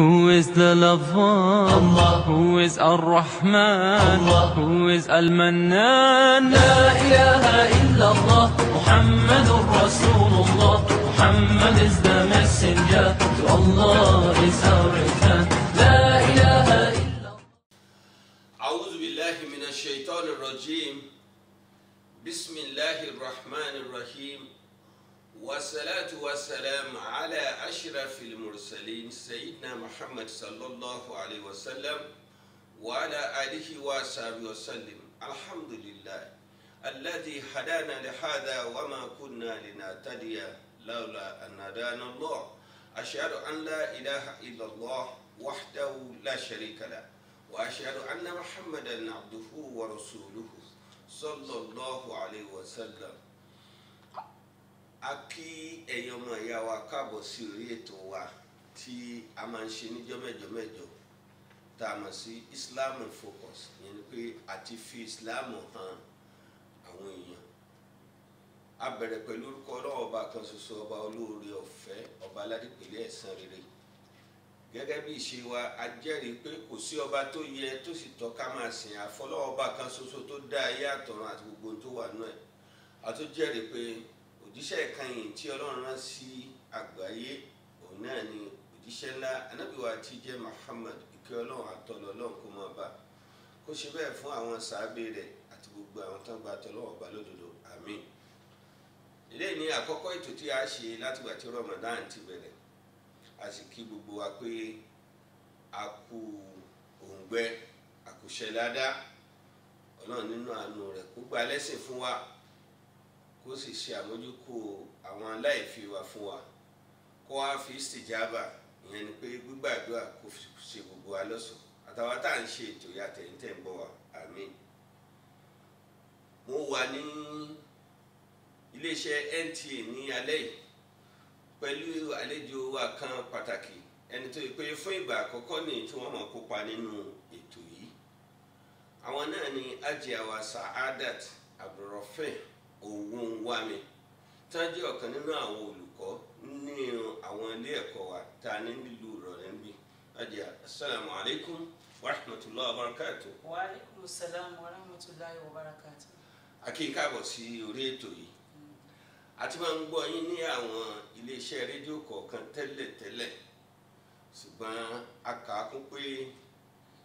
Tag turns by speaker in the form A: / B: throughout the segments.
A: Who is the lover? Allah. Who is Ar-Rahman? Allah. Who is Al-Mannan? La ilaha illallah. Muhammadur Rasulullah.
B: Muhammad is the messenger. To Allah is our return. La ilaha illallah. أعوذ بالله من الشيطان الرجيم. بسم الله الرحمن الرحيم. والصلاة والسلام على أشرف المرسلين سيدنا محمد صلى الله عليه وسلم وعلى آله وصحبه وسلم الحمد لله الذي هدانا لهذا وما كنا لنهتدي لولا أن هدانا الله أشهد أن لا إله إلا الله وحده لا شريك له وأشهد أن محمدا عبده ورسوله صلى الله عليه وسلم a kí ẹ̀yin ọmọ ìyá wa káàbọ̀ sí orí ètò wa tí a máa ń ṣe níjọ́ mẹ́jọ mẹ́jọ tá a mọ̀ sí Islam Focus ìyẹn ni pé a ti fi Islam hàn àwọn èèyàn a bẹ̀rẹ̀ pẹ̀lú orúkọ ọlọ́wọ́ ọba kan ṣoṣo ọba olóore ọ̀fẹ́ ọba aládìpẹ̀lẹ́ ẹ̀san rere gẹ́gẹ́ bí ìṣe wa a jẹ́rìí pé kò sí ọba tó yẹ tó sì tọ́ ká máa sìn àfọlọ́wọ́ ọba kan ṣoṣo tó dá ayé àtọ̀run àti gbogbo tó wà nú ẹ̀ a tó jẹ́rìí pé òjíṣẹ́ kanyìn tí ọlọ́run rán sí àgbáyé òun náà ni òjíṣẹ́ ńlá anábìwá tí jẹ́ Muhammad ìkẹ́ ọlọ́run àtọ́lọ́ ọlọ́run kó máa bá kó ṣe bẹ́ẹ̀ fún àwọn sàábé rẹ̀ àti gbogbo àwọn tó ń gba tọ́lọ́wọ́ bá lódodo àmín ilé ní àkọ́kọ́ ètò tí a ṣe látìgbà tí Ramadan ti bẹ̀rẹ̀ a sì kí gbogbo wa pé a kú òǹgbẹ àkùṣẹ́ ọlọ́run nínú àánú rẹ̀ kó gba lẹ́sìn fún wa kó sì ṣe àmójúkú àwọn aláìfi wa fún wa kó wá fi istijaba ìyẹn ni pé gbígbàdúrà kó ṣe gbogbo wa lọ́sọ̀ọ́ àtàwọn tá à ń ṣe ètò ìyá tẹ̀yìntẹ̀ ń bọ̀ wá àmín. mo wà ní iléeṣẹ́ NTA ní alẹ́ yìí pẹ̀lú àlejò wa kan pàtàkì ẹni tó yẹ pé fún ìgbà àkọ́kọ́ ni tí wọ́n mọ̀ kópa nínú ètò yìí àwọn náà ni ajiawa Sa'adat Abdulrofeh Òwòǹwá mi tó ọ̀kan nínú àwọn olùkọ́ nínú àwọn ilé ẹ̀kọ́ wa ta ní nílùú Ìlọrin bí ajá asalaamu alaykum wa rahmatulahi wa barakatu. wa
A: aleykum salaam wa rahmatulahi wa barakatu.
B: akínkábọ̀ sí orí ètò yìí a ti máa ń gbọ́ yín ní àwọn iléeṣẹ́ rédíò kọ̀ọ̀kan tẹ́lẹ̀ tẹ́lẹ̀ a kà á kún pé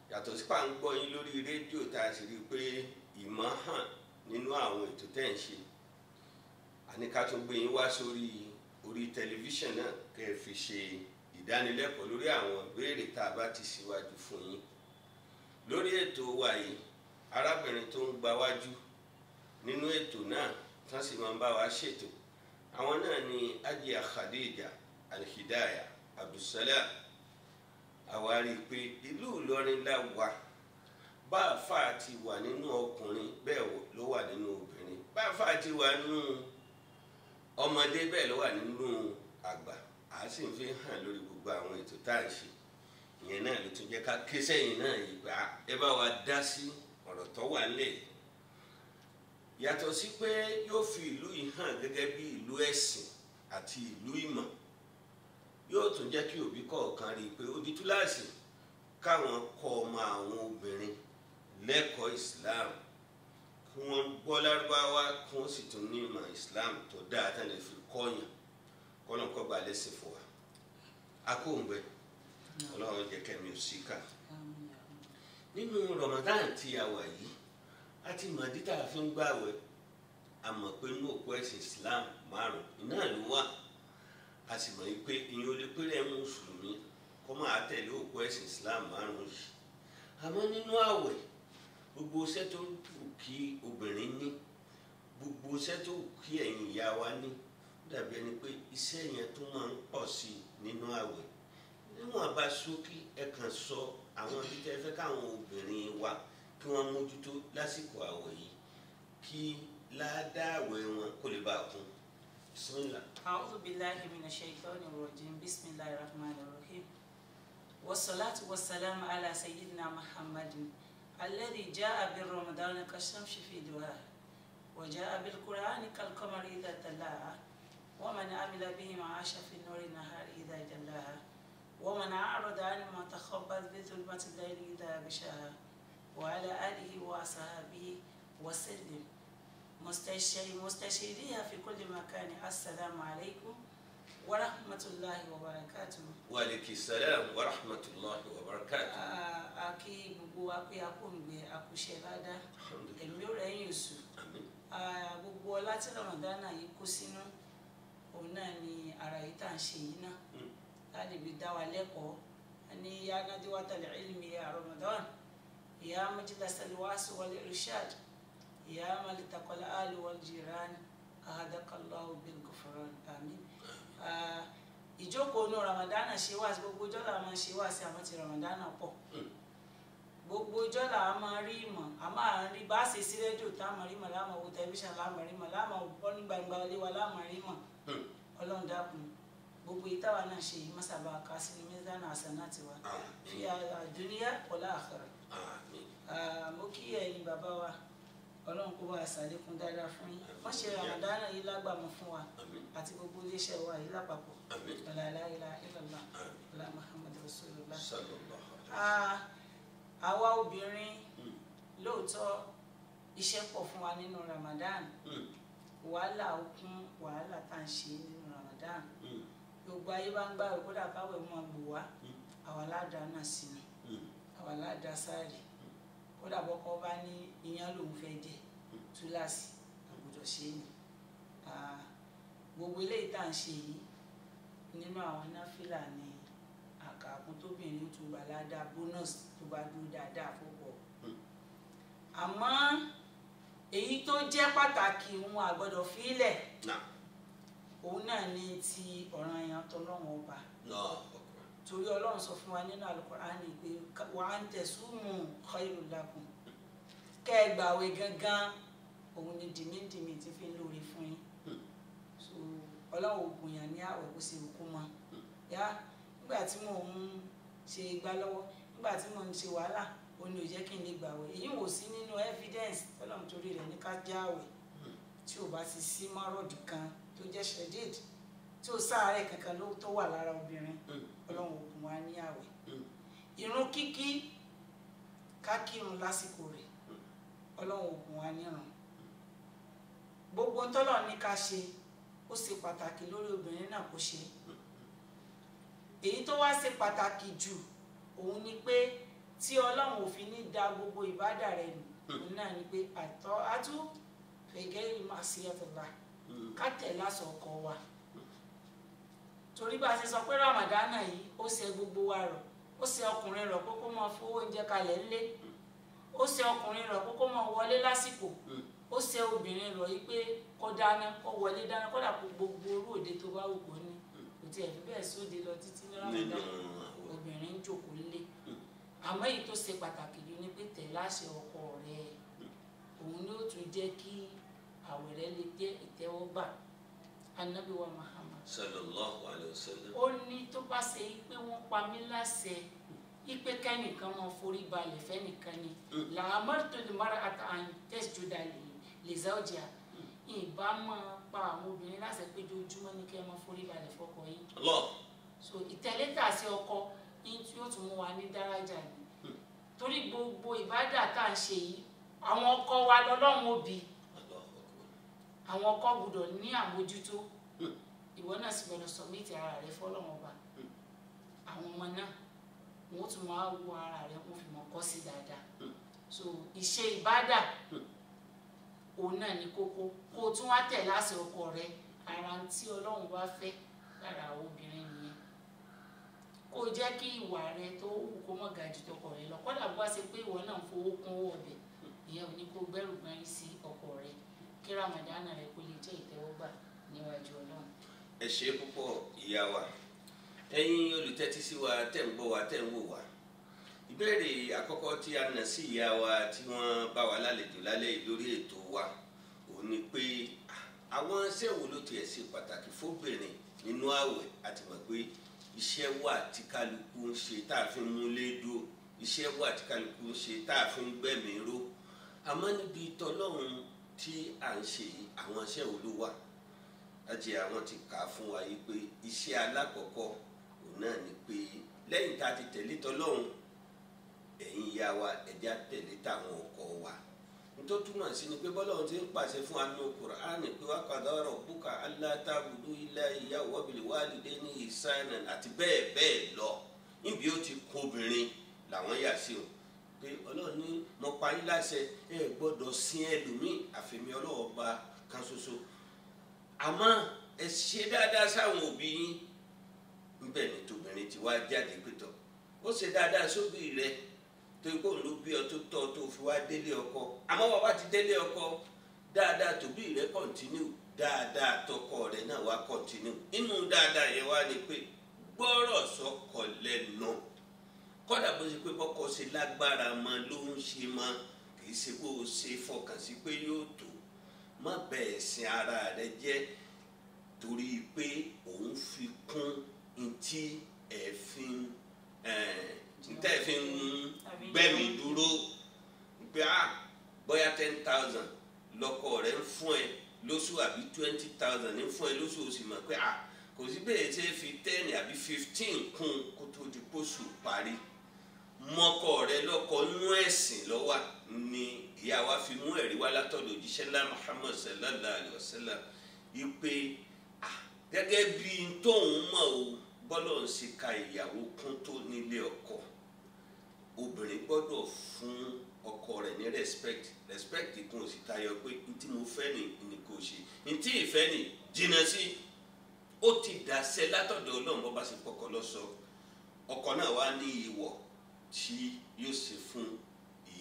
B: yàtọ̀ sí ń gbọ́ yín lórí rédíò tá a sì àní ká tó gbé yín wá sórí orí tẹlifíṣàn náà kẹ́ ẹ fi ṣe ìdánilẹ́kọ̀ọ́ lórí àwọn ìbéèrè tá a bá ti síwájú fún yín lórí ètò wa yìí arábìnrin tó ń gbawájú nínú ètò náà tán sì máa ń bá wa ṣètò àwọn náà ni Hajiya Khadija Alhidaya Abdulsalam àwárí pé ìlú Ìlọrin la wà bá àfáà ti wà nínú ọkùnrin bẹ́ẹ̀ ló wà nínú obìnrin bá àfáà ti wà nínú ọmọdé bẹ́ẹ̀ ló wà nínú àgbà a sì ń fi hàn lórí gbogbo àwọn ètò tá à ń ṣe ìyẹn náà ló tún jẹ́ ká ké sẹ́yìn náà ìgbà ẹ bá wa dá sí ọ̀rọ̀ tó wà nílẹ̀ yàtọ̀ sí pé yóò fi ìlú yìí hàn gẹ́gẹ́ bí ìlú ẹ̀sìn àti ìlú ìmọ̀ yóò tún jẹ́ kí òbí kọ̀ọ̀kan rí i pé ó di túláàsì káwọn kọ́ ọmọ àwọn obìnrin lẹ́kọ̀ọ́ Islam kí wọ́n gbọ́ lárúbáwá kí sì tún ní ìmọ̀ islam tó dáa tán lè fi kọ́yàn kọ́nà kọ́ gbà lẹ́sìn fún wa akóńgbẹ ọlọ́run jẹ́ kẹ́mi ò sí ká nínú Ramadan tí a wà yìí a ti mọ̀ dídá fi ń gbàwẹ̀ a pé inú òpó ẹ̀sìn islam márùn-ún iná ló wà a sì mọ̀ yìí pé ìyẹn olè péré mùsùlùmí kọ́ máa tẹ̀lé òpó ẹ̀sìn islam márùn-ún yìí àmọ́ nínú àwẹ̀ gbogbo iṣẹ́ tó kù kí obìnrin ní gbogbo iṣẹ́ tó kù kí ẹ̀yin ìyá wa ní dàbí ẹni pé iṣẹ́ yẹn tó máa ń pọ̀ sí i nínú àwẹ̀ níwọ̀n bá ṣókí ẹ kàn sọ àwọn ibi tẹ́ fẹ́ káwọn obìnrin wa kí wọ́n mójútó lásìkò àwẹ̀ yìí kí ládàáwẹ̀ wọn kó lè bá kún.
A: أعوذ بالله من الشيطان الرجيم بسم الله الرحمن الرحيم والصلاة والسلام على سيدنا محمد الذي جاء بالرمضان كالشمس في دعاء وجاء بالقرآن كالقمر إذا تلاها ومن عمل به معاش في النور النهار إذا جلاها ومن أعرض عن ما تخبط بظلمة الليل إذا غشاها وعلى آله وأصحابه وسلم مستشيريها في كل مكان السلام عليكم wa rahmatulahi wa barakatu.
B: wa aleykum salaam wa rahmatulahi wa barakatu.
A: a kí gbogbo wa pé a kò ń gbé àkúṣe ládá ẹ̀mí ò rẹ̀yìn oṣù gbogbo ọlá tí rọ̀mọ̀dánà yìí kó sínú òun náà ni ara yìí tá à ń ṣe yìí náà hmm. láti fi dá wa lẹ́kọ̀ọ́ ní yánádíwátà ilmi ya rọ̀mọ̀dán ìyá mọ́jìlá sàlùwàsù wọlé rishad ìyá mọ́lítàkọ́lá àlùwọ̀l jìrán ahadakallahu bil gufran amin. Eh, ìjókòó inú Ramadan ṣe wá sí gbogbo ọjọ́ làwọn máa ṣe wá sí àwọn ti Ramadan pọ̀ hmm. gbogbo ọjọ́ làwọn máa rí ìmọ̀ a máa rí bá a ṣe sí rédíò táwọn rí mọ̀ láwọn wo tẹlifíṣàn láwọn rí mọ̀ láwọn bọ́ ní gbangba ilé wa láwọn rí mọ̀ hmm. ọlọ́run dákun gbogbo ìtawà náà ṣe yìí mọ́sàbà ká sínú mẹ́tánà àṣánà tiwa fi àdúnyá ọ̀la àkàrà mo kí ẹ̀yin bàbá wa ọlọ́run kó bá ṣàlékún dáadáa fún yín wọ́n ṣe ramadana yìí lágbàmú fún wa àti gbogbo iléeṣẹ́ wa yìí lápapọ̀ ọ̀làláìlà ìlọ́lá ọ̀là
B: muhammadu rasulullah.
A: Ah, àwa obìnrin lóòótọ́ iṣẹ́ pọ̀ fún wa nínú ramadan hmm. wàhálà okun wàhálà tá à ń ṣe nínú ramadan hmm. gbogbo ayé bá ń gbà kódà káwé mọ́ gbò wá hmm. àwa ládàá náà sí ni àwa ládàá sáré kódà bọ́kọ bá ní iyán lòun fẹ́ jẹ túláàsì àgbọ́dọ̀ ṣe ni gbogbo eléyìí tá à ń ṣe yìí nínú àwọn náfìlà ni àkàkùn tóbìnrin tó bá ládàá bonus tó bá dúró dáadáa fọ́pọ̀ àmọ́ èyí tó jẹ́ pàtàkì òun àgbọ́dọ̀ fílẹ̀ òun náà ni ti ọ̀ranyàn tọlọ́run ọba torí ọlọ́run sọ fún wa nínú alukur'ani pé wa an tasumu khairul lakum kẹ́ ẹ gbàwé gangan òun ni dìmídìmí ti fi ń lóore fún yín so ọlọ́run ògùn yàn ní àwẹ̀ kó ṣe òkú mọ́ yá nígbà tí mò ń ṣe igbá lọ́wọ́ nígbà tí mò ń ṣe wàhálà òun ni ò jẹ́ kí n lè gbàwẹ̀ èyí wò sí nínú evidence ọlọ́run torí rẹ̀ ní ká jáwẹ̀ tí o bá ti sí márọ̀dù kan tó jẹ́ shedid tí o sáàárẹ̀ kankan ló tó wà lára obìnrin. Mm ọlọ́run òkun wa ní àwẹ̀ ìrun hmm. kíkí ká kírun lásìkò rẹ̀ hmm. ọlọ́run òkun wa nírun gbogbo tọ́lọ̀ ní ká ṣe ó ṣe pàtàkì lórí obìnrin náà kó ṣe hmm. èyí tó wá ṣe pàtàkì jù òun ni pé tí ọlọ́run ò fi ní da gbogbo ìbádà rẹ̀ nù òun náà ni pé àtọ́ atú fẹ̀gẹ́ ìmọ̀ àṣeyọ̀tọ̀lá ká tẹ̀ lásọ̀ ọkọ wa. Mm torí bá a ṣe sọ pé ramadana yìí ó ṣe gbogbo wa rọ̀ ó ṣe ọkùnrin rọ̀ pé kó máa fowó oúnjẹ kalẹ̀ ńlé ó ṣe ọkùnrin rọ̀ pé kó máa wọlé lásìkò ó ṣe obìnrin rọ̀ yìí pé kó dáná kó wọlé dáná kó dàpọ̀ gbogbo orú òde tó bá wù kó ní kò tiẹ̀ fi bẹ́ẹ̀ sóde lọ títí ní ramadana obìnrin ń jòkó lé àmọ́ èyí tó ṣe pàtàkì jù ni pé tẹ̀lé ọkọ rẹ̀ òun ni ó tún jẹ́ kí àwẹ̀rẹ̀ lè jẹ́ ìtẹ́wọ́gbà anábìwọ̀n
B: sallallahu alayhi wa sallam. ó
A: ní tó bá ṣe pé wọ́n pa mí láṣẹ ipe kẹ́nìkan wọn forí balẹ̀ fẹ́nìkan ni làmọ́tò lè mara àtàn tẹ́sítúdà lèza ọjà ìbá máa pa àwọn obìnrin láṣẹ pé ojoojúmọ́ ní kẹ́ ẹ máa forí balẹ̀ fọkọ yìí. so ìtẹ̀lé tàṣẹ ọkọ ní tí ó tún mú wa ní dáràjà ni hmm. torí gbogbo ìbádà tá à ṣe yìí àwọn ọkọ wa lọ́lọ́run òbí àwọn ọkọ gbọ́dọ̀ ní àmójútó ìwọ náà sì gbọdọ̀ submit ara rẹ fọlọ́wọ́n ọba hmm. àwọn ọmọ náà wọ́n tún wá wo ara rẹ wọ́n fi mọ̀ kọ́ sí dáadáa hmm. so ìṣe ìbádà hmm. òun náà ní kókó kó o tún wá tẹ̀ láti ọkọ rẹ ara tí ọlọ́run bá fẹ́ lára obìnrin nìyẹn kó o jẹ́ kí ìwà rẹ tó wù kó mọ̀ gàjù tọkọ rẹ lọ kọ́dà bó wá ṣe pé ìwọ náà ń fowó kún owó ọbẹ̀ ìyẹn ò ní kó gbẹ́rù gbẹ́rín sí ọkọ rẹ kí ramadan rẹ kó lè jẹ́ ìtẹ́wọ́gbà níwájú ọlọ́run
B: ẹ ṣe púpọ̀ ìyá wa ẹ̀yin olùtẹ́tísí wa tẹ̀ ń gbọ́ wa tẹ̀ ń wò wá ìbéèrè àkọ́kọ́ tí a nà sí ìyá wa tí wọ́n bá wa lálejò lálẹ́ lórí ètò wa òun ni pé àwọn iṣẹ́ wo ló tiẹ̀ ṣe pàtàkì fóbìnrin nínú ààwẹ̀ àti mọ̀ pé iṣẹ́ wà tí kálukú ń ṣe tá a fi ń múlé dúró iṣẹ́ wà tí kálukú ń ṣe tá a fi ń gbẹ̀mí ró àmọ́ níbi tọ́lọ́run tí à ń ṣe àwọn iṣẹ́ wo ló wà láti àárọ̀ ti kà á fún wa yìí pé iṣẹ́ alákọ̀ọ́kọ́ òun náà ni pé lẹ́yìn tá a ti tẹ̀lé tọlọ́run ẹ̀yin ìyá wa ẹ̀já tẹ̀lé táwọn ọkọ wa nítorí túmọ̀ sí ni pé bọ́lọ́run ti ń pàṣẹ fún anú Kùránì pé wa qada rabbuka alla ta'budu illa iyyahu wa bil walidayni ihsanan àti bẹ́ẹ̀ bẹ́ẹ̀ lọ níbi ó ti kún obìnrin làwọn yà sí o pé ọlọ́run ní mo pa yín láṣẹ ẹ gbọ́dọ̀ sin ẹlòmíì àfẹ̀mí ọlọ́wọ́ kan ṣoṣo àmọ́ ẹ ṣe dáadáa sáwọn òbí yín níbẹ̀ ni tobìnrin ti wá jáde pétọ́ ó ṣe dáadáa sóbì rẹ tó ikú òun ló bí ọ tó tọ́ tó fi wá délé ọkọ àmọ́ bàbá ti délé ọkọ dáadáa tòbí rẹ kọ̀ntínú dáadáa tọkọ rẹ náà wá kọ̀ntínú inú dáadáa yẹn wá ni pé gbọ́rọ̀ sọkọ lẹ́nu kọ́dà bó ṣe pé bọ́kọ ṣe lágbára mọ́ ló ń ṣe mọ́ kì í ṣe bó ṣe fọkàn sí pé yóò tó má bẹ ẹ̀sìn ara rẹ jẹ́ torí pé òun fi kún ntí ẹ̀fin ntẹ́ ẹ̀fin gbẹ̀mí dúró pé a bóyá ten thousand lọ́kọ rẹ ń fún ẹ lóṣù àbí twenty thousand ní fún ẹ lóṣù o sì mọ̀ pé a kò sí bẹ́ẹ̀ ṣe fi ten àbí fifteen kún kó tó di pósù parí mọ́kọ rẹ lọ́kọ nú ẹ̀sìn lọ́wọ́ ni ìyá wa fi mú ẹ̀rí wá látọ̀dọ̀ òjíṣẹ́ ńlá Muhammad sallallahu alayhi wa sallam ipe gẹ́gẹ́ bí tóun mọ̀ o bọ́lọ̀ ń ṣe ka ìyàwó kún tó nílé ọkọ obìnrin gbọ́dọ̀ fún ọkọ rẹ̀ ní respect respect kún òsì tayọ pé n tí mo fẹ́ ni ni kò ṣe n tí ìfẹ́ ni jìnnà sí ó ti dàṣẹ látọ̀dọ̀ ọlọ́run bọ́ bá ṣe kọ́kọ́ lọ sọ náà wá ní ìwọ̀ tí yóò ṣe fún un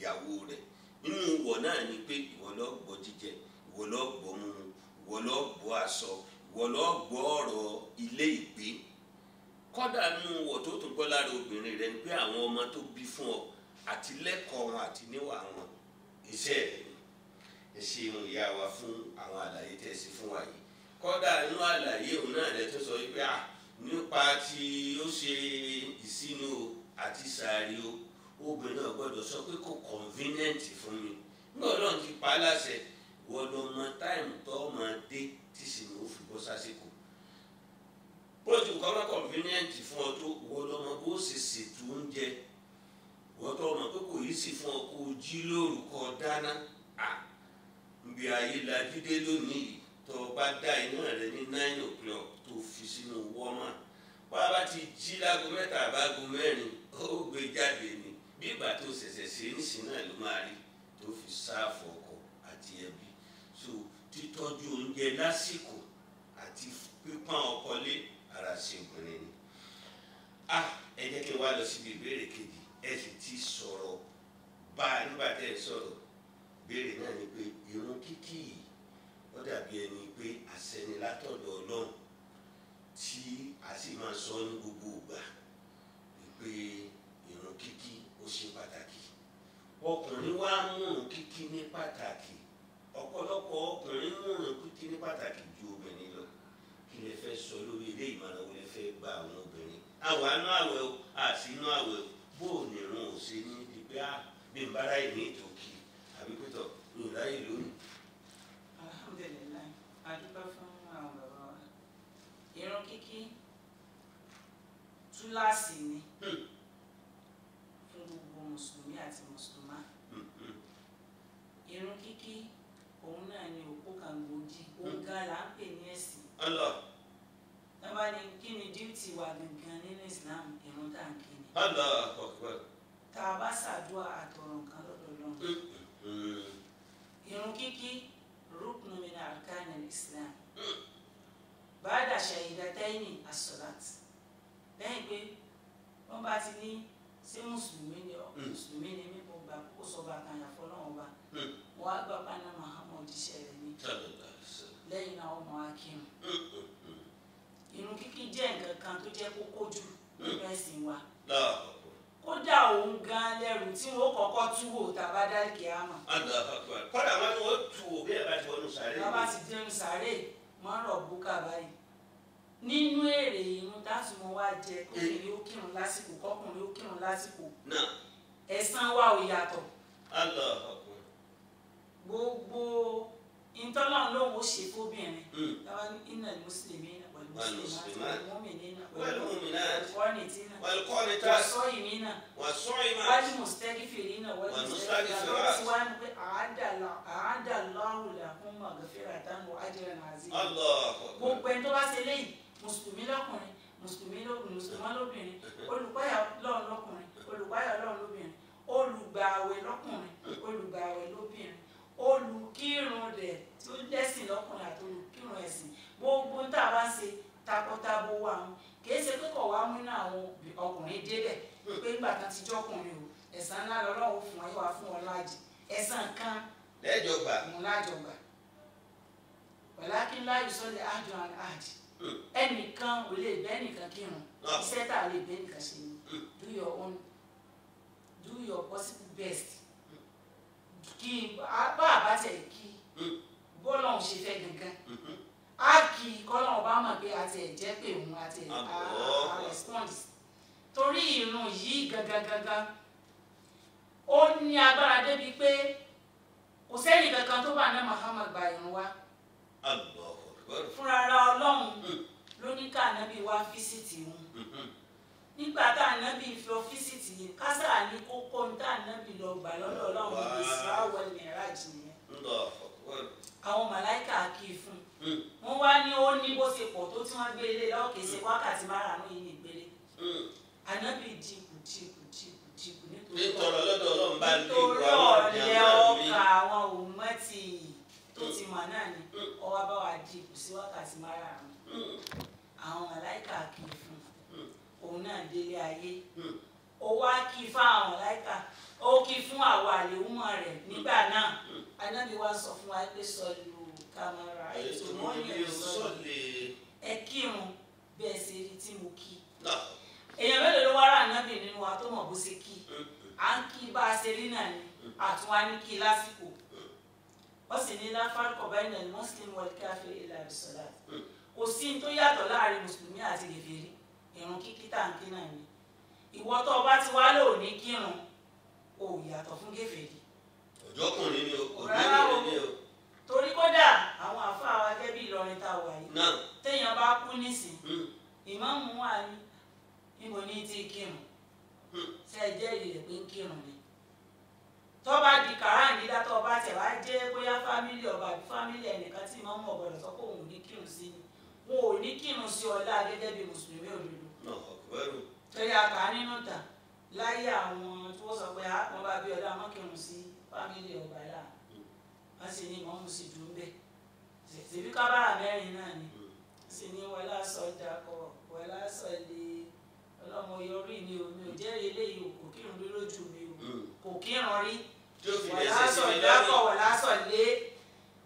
B: ìyàwó rẹ̀ nínú ìwọ náà ni pé ìwọ ló gbọ́ jíjẹ ìwọ ló gbọ́ mímu ìwọ ló gbọ́ aṣọ ìwọ ló gbọ́ ọ̀rọ̀ ilé ìgbé kọ́dà nínú ìwọ tó tún gbọ́ lára obìnrin rẹ̀ ni pé àwọn ọmọ tó bí fún ọ àti lẹ́kọ̀ọ́ wọn àti níwà wọn iṣẹ́ rẹ̀ ẹ ṣeun ìyá wa fún àwọn àlàyé tẹ́ sí fún wa yìí kọ́dà nínú àlàyé òun náà rẹ̀ tó sọ wípé à nípa tí ó ṣe ìsinu àti sàárì o obìnrin náà gbọ́dọ̀ sọ pé kò convenient fún mi nígbà ọlọ́run ti pa á láṣẹ wọ́n lọ mọ táìmù tó máa dé tí sì ní ó fi bọ́ sásìkò bóòtù kọ́lá convenient fún ọ tó wọ́n lọ mọ bó ṣe ṣètò oúnjẹ wọ́n tó mọ̀ pé kò yí sí fún ọ kó o jí lóru kó o dáná à nbí ayé lajú dé lónìí tó o bá dá iná rẹ ní nine o'clock tó fi sínú wọ́ọ́mà bá a bá ti jí lágo mẹ́ta àbágo mẹ́rin ó gbé jáde ní bí ìgbà tó ṣẹ̀ṣẹ̀ ṣe ń sìn náà ló máa rí tó fi sáàfù ọkọ àti ẹbí so títọ́jú oúnjẹ lásìkò àti pípọ́n ọkọ lé ara ṣe obìnrin ni ah ẹ jẹ́ kí n wá lọ síbi ìbéèrè kejì ẹ sì ti sọ̀rọ̀ bá a nígbà tẹ́ ẹ sọ̀rọ̀ béèrè náà ni pé irun kíkì yìí ó dàbí ẹni pé àṣẹni ọlọ́run tí a sì máa sọ ní gbogbo ìgbà pé irun kíkì ó ṣe pàtàkì ọkùnrin wa múrùn kíkí ní pàtàkì ọ̀pọ̀lọpọ̀ ọkùnrin múrùn kíkí ní pàtàkì ju obìnrin lọ kí lè fẹ́ sọ lórí ilé ìmọ̀ràn lè fẹ́ gba àwọn obìnrin àwọn àánú àwẹ̀ o àti inú àwẹ̀ o bó o nìrun ò ṣe ní ibi pé ah, a bí n bára ìní ìtòkì àbí pẹ̀tọ̀ lò láyè lónìí.
A: alhamdulilayi kíkí túláàsì ni. Hmm. wa kódà òun gan lẹ́rù tí wọ́n kọ́kọ́ tú wò tàbá dáìkì àmà.
B: kódà wọn ni wọ́n tu wò bí ẹ bá ti wọnú sàárè. bàbá ti
A: dẹnu sàárè máa ń rọ̀ búkà báyìí nínú èrè irun láti mọ wá jẹ kókùnrin ó kírun lásìkò kọkùnrin ó kírun lásìkò ẹ̀san wa ò yàtọ̀ gbogbo ìtọ́lọ́run lòun ó ṣe fóbìnrin táwa hmm. ní ìnà mùsùlùmí والمسلمات والمؤمنات والقانتات والصائمات والمستغفرين والمستغفرات أعد الله لهم مغفرة وأجرا عظيما الله أكبر gbogbo ẹni tó bá ṣe léyìí mùsùlùmí lọkùnrin mùsùlùmí mùsùlùmí lóbìnrin olùpáyà Ọlọ́run lọkùnrin olùpáyà Ọlọ́run lóbìnrin olùgbààwẹ̀ lọkùnrin olùgbààwẹ̀ lóbìnrin dábò wà wọn kìí ṣe pé kọ̀ wá mú náà àwọn ọkùnrin débẹ̀ pé ńgbà kan ti jọkùnrin o ẹ̀san ńlá lọ́lọ́run fún ọ yóò wá fún ọ láàjì ẹ̀san kan lẹ́jọ̀gbà mú lájọ̀gbà wàlákínlá ìsọ̀lẹ̀ àjọ àjì hmm. ẹnìkan ò lè bẹ́ nìkan kírun ah. iṣẹ́ tá a lè bẹ́ ṣe ni hmm. do your own do your possible best hmm. kí bá a bá tẹ̀ kí bọ́ọ̀lù ọ̀hún ṣe fẹ́ gangan á kì í kọ́lá ọba mọ̀ pé àti ẹ̀jẹ̀ pè òun àti ẹ̀jẹ̀ respond torí ìrun yìí gangan gangan ó ní agbára débi pé kò sẹ́ni kankan tó bá náà Muhammad gba ìrun wa fúnra ara ọlọ́run ló ní ká ànábì wá físítì òun nígbà tá ànábì fi ọ́fíìsìtì yìí kásá ní kókó ní tá ànábì lọ gbà lọ́dọ̀ ọlọ́run ní ìsirá wọlé
B: mẹ́rájì nìyẹn
A: àwọn màláìkà kì í fún un hmm. wọ́n wá ní ó ní bó ṣe pọ̀ tó tí wọ́n gbé ilé lọ́wọ́ kìí ṣe wákàtí márùn-ún yìí nìgbélé hmm. ànábì dìkù dìkù dìkù dìkù nítorí ọ̀lẹ́ ọkà àwọn òmùmọ́ ti tó hmm. ti mọ̀ náà ni ọwọ́ bá wa sí wákàtí márùn àwọn màláìkà kì òun náà délé ayé ó wá kí fáwọn màláìkà ó kí fún àwọn àlèhùnmọ́ rẹ̀ nígbà náà anábì wa sọ fún wa pé sọlù kàmàrà ètò mọ́yìn sọlù
B: ẹ kírun bí ẹ ṣe rí tí mo kí èèyàn mélòó ló wá rà
A: nábì nínú wa tó mọ̀ bó ṣe kí mm-hmm. à ń kí bá a ṣe rí náà ni àtúnwá mm-hmm. ní kí lásìkò mm-hmm. wọ́n sì ní láfárúkọ̀ báyìí náà ni muslim world cafe ìlànà sọ̀lá kò sí ní tó yàtọ̀ láàrin mùsùlùmí àti gèfèrè ìrun kíkí tàǹkì náà ni ìwọ tó o bá ti wá lò ní kírun o yàtọ̀ fún gèfèrí.
B: ọjọkùnrin ni o ọgbẹni ni o.
A: torí kódà àwọn àfáà wa gẹ́gẹ́ bí Ìlọrin tá a wà yìí téèyàn bá kú nísìn hmm. ìmáàmù wa ni níbo ní ti kírun hmm. ṣe é jẹ́ ìrẹ̀ pé ń kírun ni tọ́ba di kàráǹdí dátọ́ ọba tẹ̀ wá jẹ́ bóyá fámílì ọba àbí fámílì ẹnìkan tí ìmáàmù ọ̀gbọ̀dọ̀ sọ pé òun ò ní kírun sí ni wọn ò ní kírun sí ọlá gẹ́gẹ́ bí mùsùlùmí òdodo. torí a kà á nínú ìtàn láyé àwọn tí wọ́n sọ pé àwọn ah, bá bí ọdún àwọn kírun sí fámìlì ọba ìlà wọ́n sì ní ìmọ̀ọ́mù sì dùn bẹ́ẹ̀ tèmi kábà mẹ́rin náà ni hmm. sì ní wọ́n lásọ dakọ̀ wọ́n lásọ lè ọlọ́mọ yọrí ni omi ò jẹ́rìí eléyìí o kò kírun dúró ju mi o hmm. kò kírun rí wọ́n lásọ dakọ̀ wọ́n lásọ lé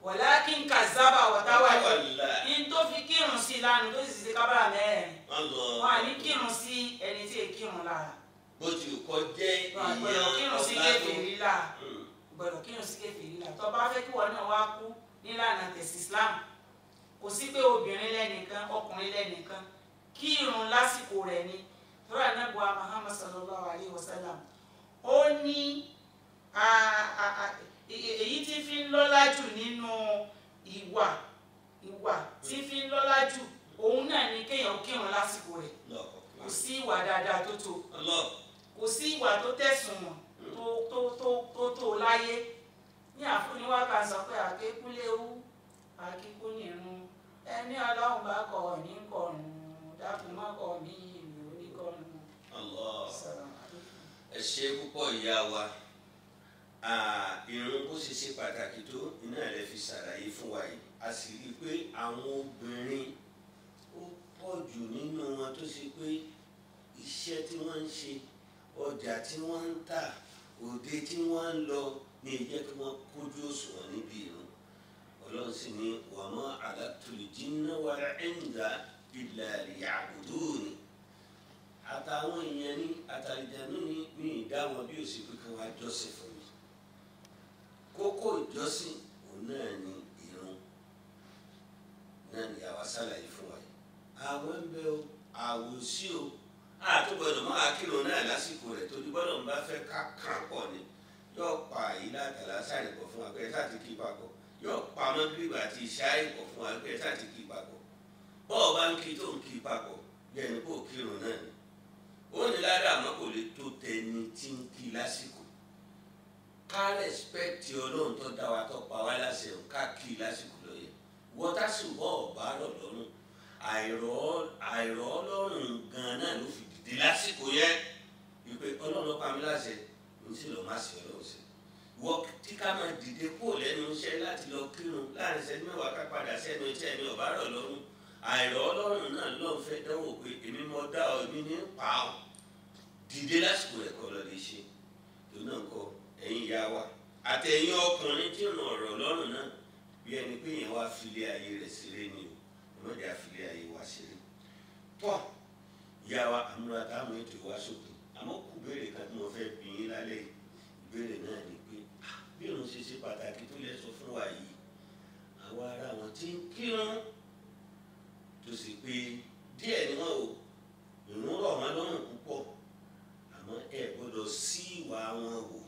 A: wàlákìn kazaba wàtawàlì ní tó fi kírun sí lánàá tó sì ṣe kábàámẹ́rin wọn à ní kírun sí ẹni tí èkírun
B: lára bó ti kọ jẹ́ ìyẹn ọ̀la tó
A: gbọ́dọ̀ kírun sí kèfèrí là tó bá fẹ́ kí wọn náà wá kú nílànà tẹ̀sí Islam kò sí pé obìnrin lẹ́nìkan ọkùnrin lẹ́nìkan kírun lásìkò rẹ̀ ni tọ́lá nàbọ̀ Muhammad sallallahu alayhi wa sallam ó ní èyí tí fi ń lọ́lá jù nínú ìwà ìwà tí fi ń lọ́lá jù òun náà ni kéèyàn kírun lásìkò rẹ̀ kò sí ìwà dáadáa tó tó kò sí ìwà tó tẹ̀sùn mọ́ tó tó tó tó tó láyé ní àfúniwákà sọ pé àkékúléwú àkíkúnirun ẹni ọlọ́run bá kọ ní kọrùn dákun mọ́kọ mi ìlú oníkọrùn.
B: ẹ ṣe púpọ̀ ìyá wa irun bó ṣe ṣe pàtàkì tó iná rẹ fi ṣàlàyé fún wa yìí a sì rí i pé àwọn obìnrin ó pọ̀ jù nínú wọn tó ṣe pé iṣẹ́ tí wọ́n ń ṣe ọjà tí wọ́n ń tà òde tí wọ́n ń lọ ní ìjẹ́ kí wọ́n kójú òṣùwọ̀n níbi ìrún ọlọ́run sì ní wàmọ́ àdàtúlù jìnnà wà ẹ̀ǹdà ìlà ìyàgòdò àtàwọn èèyàn ní àtàlìjànú ní mi ìdá bí òsì kankan wá jọ́sìn fún mi kókó ìjọ́sìn òun náà ni ìrún náà ni àwa sálàyé fún wa àwọn ń bẹ o àwòsí o àti ah, gbọdọ̀ máa kírun náà lásìkò rẹ̀ torí bọ́dọ̀ ń bá fẹ́ ká kàn pọ̀ ni yóò pa ìlà àtàlásàrì pọ̀ fún apẹ́ sáà ti kí papọ̀ yóò pa mọ́gírìbì àti ìṣáì pọ̀ fún apẹ́ sáà ti kí papọ̀ bọ́ọ̀ bá ń kí tó ń kí papọ̀ yẹnu kó kírun náà ni ó ní ládàá àmọ́ kò lè tó tẹni tí ń kí lásìkò ká rẹ́spẹ́kìtì ọlọ́run tó dá wa tó pa wá láṣẹ ká kí lásìkò lọ́yẹ wọ́tá sì wọ́ rọ̀ lọ́rùn àìrọ̀ ọlọ́run gan náà ló fi di lásìkò yẹn wípé ọlọ́run pa mí láṣẹ mo sì lọ́ọ́ má sì ọlọ́run sí wọ tí ká máa dìde kúrò lẹ́nu iṣẹ́ láti lọ kírun láàrin ìṣẹ́jú mẹ́wàá ká padà sẹ́nu iṣẹ́ mi ọ̀bá rọ̀ lọ́rùn àìrọ̀ ọlọ́run náà lọ́run fẹ́ dánwò pé èmi mọ dá ọ èmi ní pa ọ dìde lásìkò ẹ̀kọ́ lọ lè ṣe tó náà kọ ẹ̀yin ìyá wa àtẹ̀yìn ọkùnrin tí ìrìn ọ̀rọ̀ lọ́rùn náà bí ẹni pé yẹn wá filé ayé rẹ̀ sílé ni o ọmọdé àfilé ayé wa sílé tọ́ ìyá wa àmúra táwọn ètò wa sókè àmọ́ kù béèrè kan tí mo fẹ́ bí yín lálẹ́ ìbéèrè náà ni pé ah, bí òun ṣe ṣe pàtàkì tó lè sọ fún wa yìí àwa ara wọn ti ń kírun tó sì pé díẹ̀ ni wọ́n o ìrún rọ̀ wọ́n lọ́rùn púpọ̀ àmọ́ ẹ gbọ́dọ̀ sí ìwà wọn wò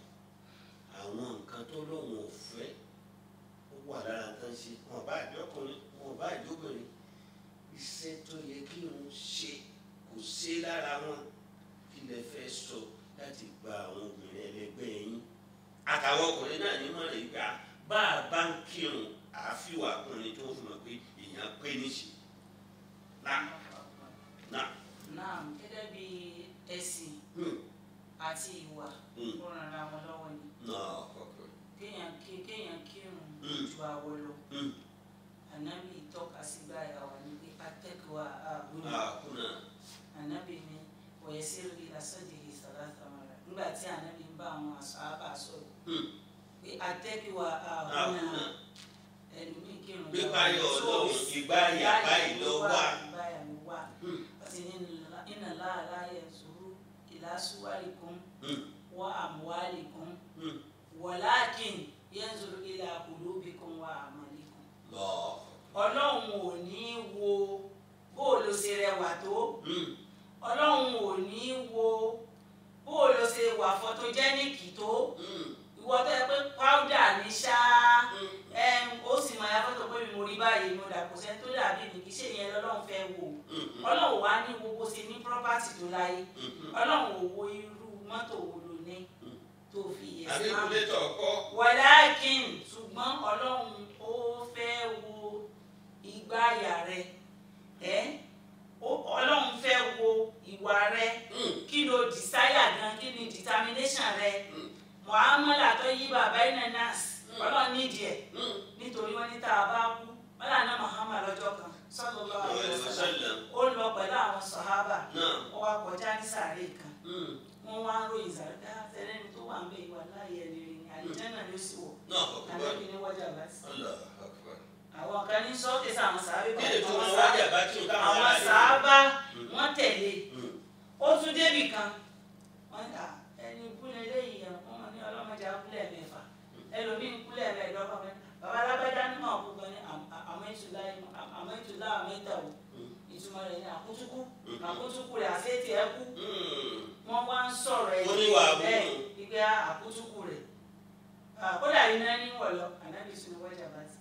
B: àwọn nǹkan tó lóun ò fẹ́ ó wà lára kan ṣe wọn bá àjọkùnrin wọn bá àjọkùnrin iṣẹ́ tó yẹ kí òun ṣe kò ṣe lára wọn kí lè fẹ́ sọ láti gba àwọn obìnrin ẹlẹgbẹ́ yín àtàwọn ọkùnrin náà ní mọ̀ràn ìgbà bá a bá ń kírun àáfíwà ọkùnrin tó fún ọ pé èèyàn pé níṣì.
A: náà gẹ́gẹ́ bí ẹ̀sìn àti ìwà ó ràn ra wọn lọ́wọ́ ni kéèyàn kírun ju àwọ̀ lọ ànábì tọ́ka sí gbáyàwó ni pé atẹ́kọ̀ọ́ àbúrò ànábì ni wọ̀nyẹ sí rí asọ́dì ìsàlátà nígbà tí ànábì ń bá àwọn àṣàbà sọ̀rọ̀ hmm. pé àtẹ́kíwà
B: àwọn ah, hmm. ẹlòmíì kírun lọ́wọ́ pípa yọ lọ́wọ́ ìgbà yàrá
A: ìlọ́wà ìgbà yàrá wà àti iná láàlá yẹ zuru ìlàsúwárìkún wọ àmúwárìkún wọ̀láàkìn yẹ zuru ìlà kùlùbìkún wà àmàlìkún. Hmm. ọlọ́run ò ní wo bóòlù sí rẹwà tó. Mm ọlọ́run ò ní í wo bó o lọ ṣe wà photogenic tó hmm. ìwọ tó yẹ pé powder ní ṣá hmm. ó sì máa yá fọ́tò pé mi mo rí báyìí mo dà kò tó dàbí mi kì í ṣe ìyẹn lọ́lọ́run fẹ́ wò hmm. ọlọ́run wá ní wo bó ṣe ní property tó láyé ọlọ́run ò wo irú mọ́tò wo ló ní tó fi yẹ sí máa wàlákin ṣùgbọ́n ọlọ́run ó fẹ́ wo ìgbáyà rẹ ẹ́. ọlọ́run fẹ́ wo ìwà rẹ hmm. kí ló desire gan kí ni determination rẹ hmm. muhammed àtọ́yí bàbá iná nas hmm. ọlọ́run nídìí ẹ̀ nítorí wọn ní tá a bá kú wọ́n lànà muhammed kan sallallahu alaihi wasallam lọ pẹ̀lú àwọn sọ̀hábà wá kọjá ní sàárè kan wá ń ròyìn tẹ́lẹ́ni ah, tó wà ń bẹ ìwà láàyè rere ni ló sì wọ̀ bá àwọn kan ní
B: tún débì kan wọ́n ta
A: ẹni kúlẹ̀ léyìí ẹ̀kún wọn ní ọlọ́mọdé akúlẹ̀ mẹ́fà ẹlòmíín kúlẹ̀ mẹ́ẹ̀ẹ́dọ́gbọ̀n bàbá alágbádá ní mọ̀ ọ̀kúnkọ ní àmọ́ ìtùlá àmọ́ ìtàwó ìtumọ̀ rẹ̀ ní àkútúkú àkútúkú rẹ̀ àṣetì ẹ̀ kú wọ́n wá ń sọ̀rọ̀ ẹ̀ ìgbé àkútúkú rẹ̀ kódà iná ní wọ̀lọ́ ànábìsí ni wájà bá ti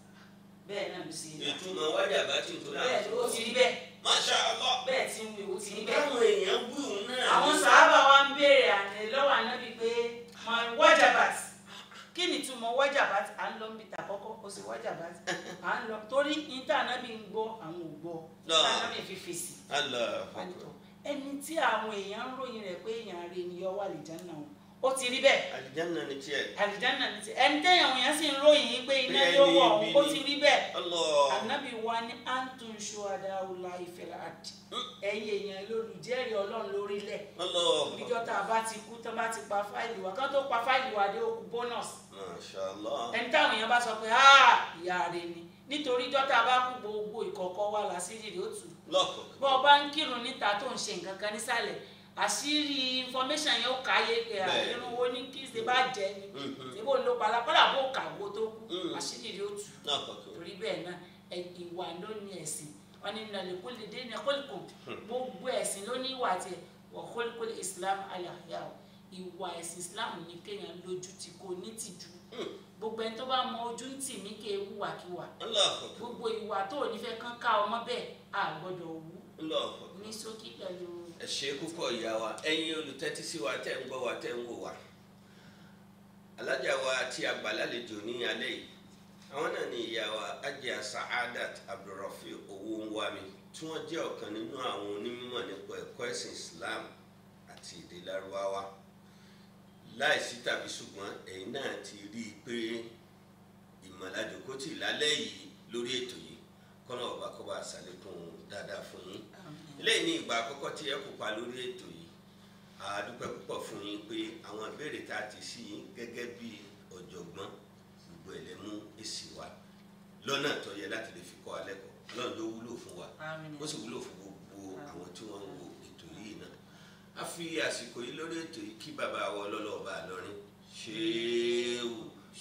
A: bẹ́ẹ̀ náà ló
B: ṣe é. ìtumọ̀ wájà bá ti tó náà. bẹ́ẹ̀ ló ti rí
A: bẹ́ẹ̀. Masha Allah. bẹ́ẹ̀ ti ń wíwú ti ń bẹ́ẹ̀. káwọn
B: èèyàn wí òun náà. àwọn sàábà wa ń béèrè àná lọ́wọ́ ànábì
A: pé wọ́jàbàt kí ni túmọ̀ wọ́jàbàt à ń lọ ń bi tà kọ́kọ́ ó sì wọ́jàbàt à ń lọ torí níta ànábì ń gbọ́ àwọn ò gbọ́
B: níta ànábì fi fèsì.
A: ẹni tí àwọn èèyàn ń ròyìn rẹ̀ pé èèyàn rè ni yọ wà lè jẹ́ náà ó ti rí bẹ́ẹ̀.
B: àlìjáná ni tiẹ̀.
A: àlìjáná ni tiẹ̀ ẹni tẹ́yìn àwọn èèyàn sì ń ròyìn pé iná yóò wọ̀ ọ́n ó ti rí bẹ́ẹ̀. ànábì wa ni antum ṣuhada ọ̀la ìfẹ̀lá àdì. Hmm. ẹ̀yin èèyàn lólùjẹ́rìí ọlọ́run lórílẹ̀. níjọ́ tá a bá ti kú tán bá ti pa fáìlì wa kán tó pa fáìlì wa dé okùn bónọ́ọ̀sì. ẹni táwọn èèyàn bá sọ pé ìyá rẹ ni nítorí dọ́tà bá kú gbogbo ìkọ̀kọ̀ wa làásìrì rẹ̀ ó tù. bọ́ọ̀ bá ń kírun níta tó ń ṣe nǹkan kan nísàlẹ̀ àṣírí information yẹn ó kà á yé pé ah, irun wo ní kí ṣe bá jẹ ni ìbò ló pala kọ́dà bó kà wo tó kú mm. àṣírí rí ó tù torí bẹ́ẹ̀ náà ìwà ló ní ẹ̀sìn wọn ní nàlẹ́ kó lè dé ní kólikò gbogbo ẹ̀sìn ló ní ìwà tiẹ̀ wọ́n kólikò islam alahya o ìwà ẹ̀sìn islam ní kéèyàn lójú ti kó ní tìjú hmm. gbogbo ẹni tó bá mọ ojú ń tì mí kéé wúwàkiwà gbogbo ìwà tó ò ní fẹ́ kán ká ọmọ bẹ́ẹ̀ àgbọ́dọ̀ wú ní ṣókí pẹ̀lú
B: ẹ ṣe púpọ̀ ìyá wa ẹ̀yin olùtẹ́tí sí wa tẹ́ ń gbọ́ wa tẹ́ ń wò wá wa tí a gbà lálejò ní alẹ́ yìí àwọn náà ni ìyá wa Hajiya Sa'adat Abdulrafi Owonwami tí wọ́n jẹ́ ọ̀kan nínú àwọn onímọ̀ nípa ẹ̀kọ́ ẹ̀sìn Islam àti èdè Lárúbáwá láìsí tàbí ṣùgbọ́n ẹ̀yin náà ti rí i pé ìmọ̀lájò kò tí ì lálẹ́ yìí lórí ètò yìí kọ́nà ọba kọ́ba dáadáa fún yín eléyìí ní ìgbà àkọ́kọ́ tí ẹ kópa lórí ètò yìí àdúpẹ́ púpọ̀ fún yín pé àwọn ìbéèrè tá a ti sí yín gẹ́gẹ́ bí ọ̀jọ̀gbọ́n gbogbo ẹ̀ mú èsì wá lọ́nà tó yẹ láti lè fi kọ́ alẹ́ kọ́ lọ́nà ló wúlò fún wa ó sì wúlò fún gbogbo àwọn tí wọ́n ń wo ètò yìí náà a fi àsìkò yìí lórí ètò yìí kí bàbá wa ọlọ́lọ́ọ̀bá àlọ́rin ṣéèwù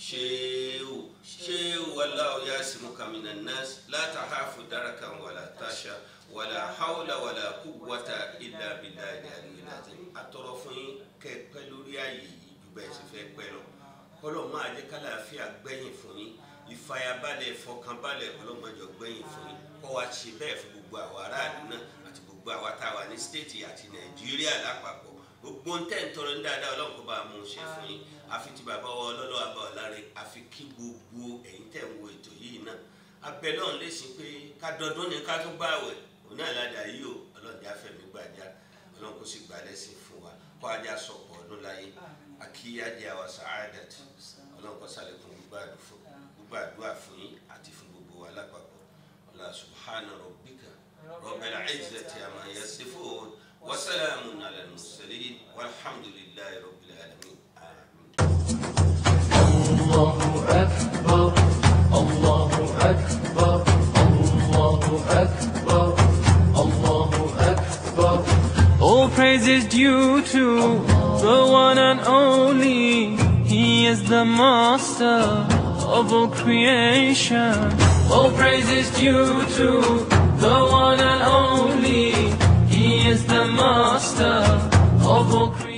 B: ṣéèwù ṣéèwù aláwọ̀ yá símú kàmínà náà látàkàfù dárakà wàlá táṣà wala hawla wala quwwata illa billahi aliyil azim atọrọ fún yín kẹ́ pẹ́ lórí ààyè yìí ju bẹ́ẹ̀ ṣe fẹ́ pẹ́ lọ kọlọ máa jẹ kálàáfíà gbẹ̀yìn fún yín ìfàyàbalẹ̀ ìfọkànbalẹ̀ ọlọmọdé gbẹ̀yìn fún yín kọ wa ṣe bẹ́ẹ̀ fún gbogbo àwọn aráàlú náà àti gbogbo àwa tá a wà ní stéètì àti nàìjíríà lápapọ̀ gbogbo ń tẹ̀ ń ní dáadáa ọlọ́run bá mú un ṣe fún yín àfi ti bàbá wa ọlọ́lọ́ àbá ọ̀lárin àfi kí gbogbo ẹ̀yin tẹ̀ ń wo ètò yìí náà abẹ náà lè sí pé ká dọdún ni ká tún bá àwẹ̀ oní àládà yìí o ọlọ́run fẹ̀mí gbàjá ọlọ́run kò sì gbalẹ̀ sí fún wa kó ajá sọ̀pọ̀ ọdún láyé àkíyájẹ àwa sàádàt ọlọ́run kó sàlékún gbogbo àdúrà fún yín àti fún gbogbo wa lápapọ̀ ọlá subhana rabbika rabbil izzati amma yasifun wa salamun ala al-mursalin walhamdulillahi rabbil alamin.
A: Allahu akbar Allahu akbar Allahu akbar All praise is due to the one and only. He is the master of all creation. All praise is due to the one and only. He is the master of all creation.